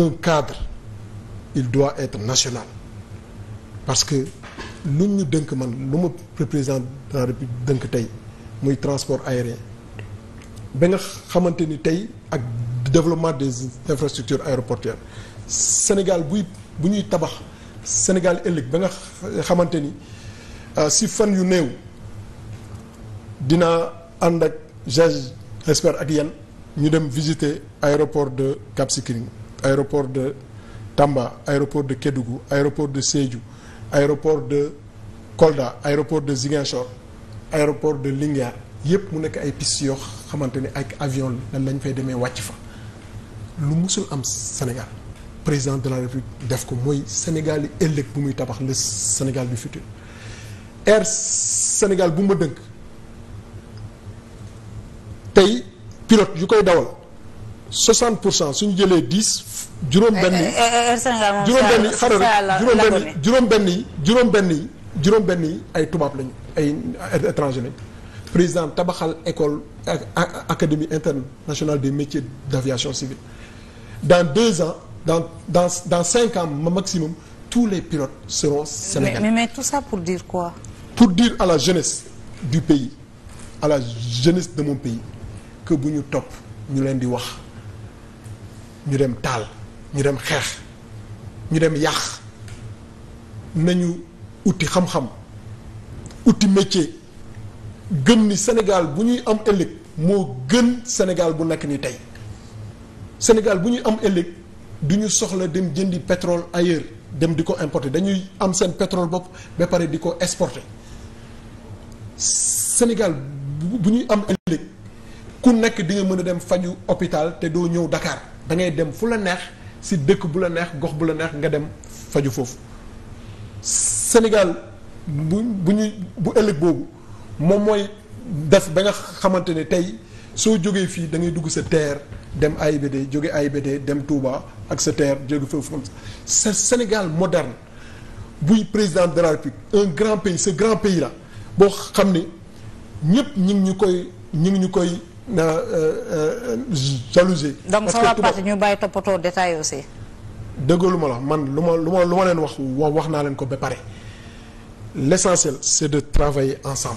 un cadre il doit être national parce que lu ñu dënk man lu ma représentant de la dënk tey muy transport aérien ba nga xamante ni tey ak développement des infrastructures aéroportuaires Sénégal buy bu ñuy tabax Sénégal ëllëg ba nga xamante ni euh, si fan yu néew dina ànd ak j'espère ak yéen ñu dem visiter aéroport de Cap Skirring aéroport de Tamba aéroport de Kédougou aéroport de Sédhiou aéroport de Kolda aéroport de Ziguinchor aéroport de Linguère yëpp mu nekk ay piste yoo xamante ni ak avion lan lañ fay demee wàcc fa lu musul am Sénégal président de la République def ko mooy sénégali yi ëllëg bu muy tabax le Sénégal du futur Air Sénégal bu ma dënk tey pilote yu koy dawal 60 pour cent suñu jëlee 10 juróom-benn yi. Eh, eh, eh, Sénégal moom xaaral rek juróom-benn yi juróom-benn yi juróom-benn yi ay tubaab lañu ay étranger lañu président tabaxal école académie internationale des métiers d'aviation civile dans deux ans dans dans dans cinq ans maximum tous les pilotes seront sénégalais. Mais, mais ça pour dire quoi? Pour dire à la jeunesse du pays à la jeunesse de mon pays que bu ñu topp ñu leen di wax. ñu dem taal ñu dem xeex ñu dem yàq nañu uti xam-xam uti métier gën ni Sénégal bu ñuy am ëllëg moo gën Sénégal bu nakk ni tey Sénégal bu ñuy am ëllëg du ñu soxla dem jëndi pétrole ailleurs dem di ko importer dañuy am seen pétrole bopp ba pare di ko exporter Sénégal bu ñuy am ëllëg ku nekk di nga mën a dem faju hôpital te doo ñëw dakaar da ngay dem fu la neex si dëkk bu la neex gox bu la neex nga dem faju foofu Sénégal bu bu ñuy bu ëllëg boobu moom mooy def ba nga xamante ne tey soo jógee fii da ngay dugg sa ter dem AIBD jóge AIBD dem Touba ak sa terre jóge foofu comme ça Sénégal moderne buy président de la République un grand pays ce grand pays là boo xam ne ñëpp ñu ñu koy ñu ngi ñu koy Euh, euh, euh, jalousie. donc ça va parti ñu bàyyi toppatoo détail aussi. dëggalu ma la man lu ma lu ma lu ma leen wax wax naa leen ko ba pare l'essentiel c'est de travailler ensemble.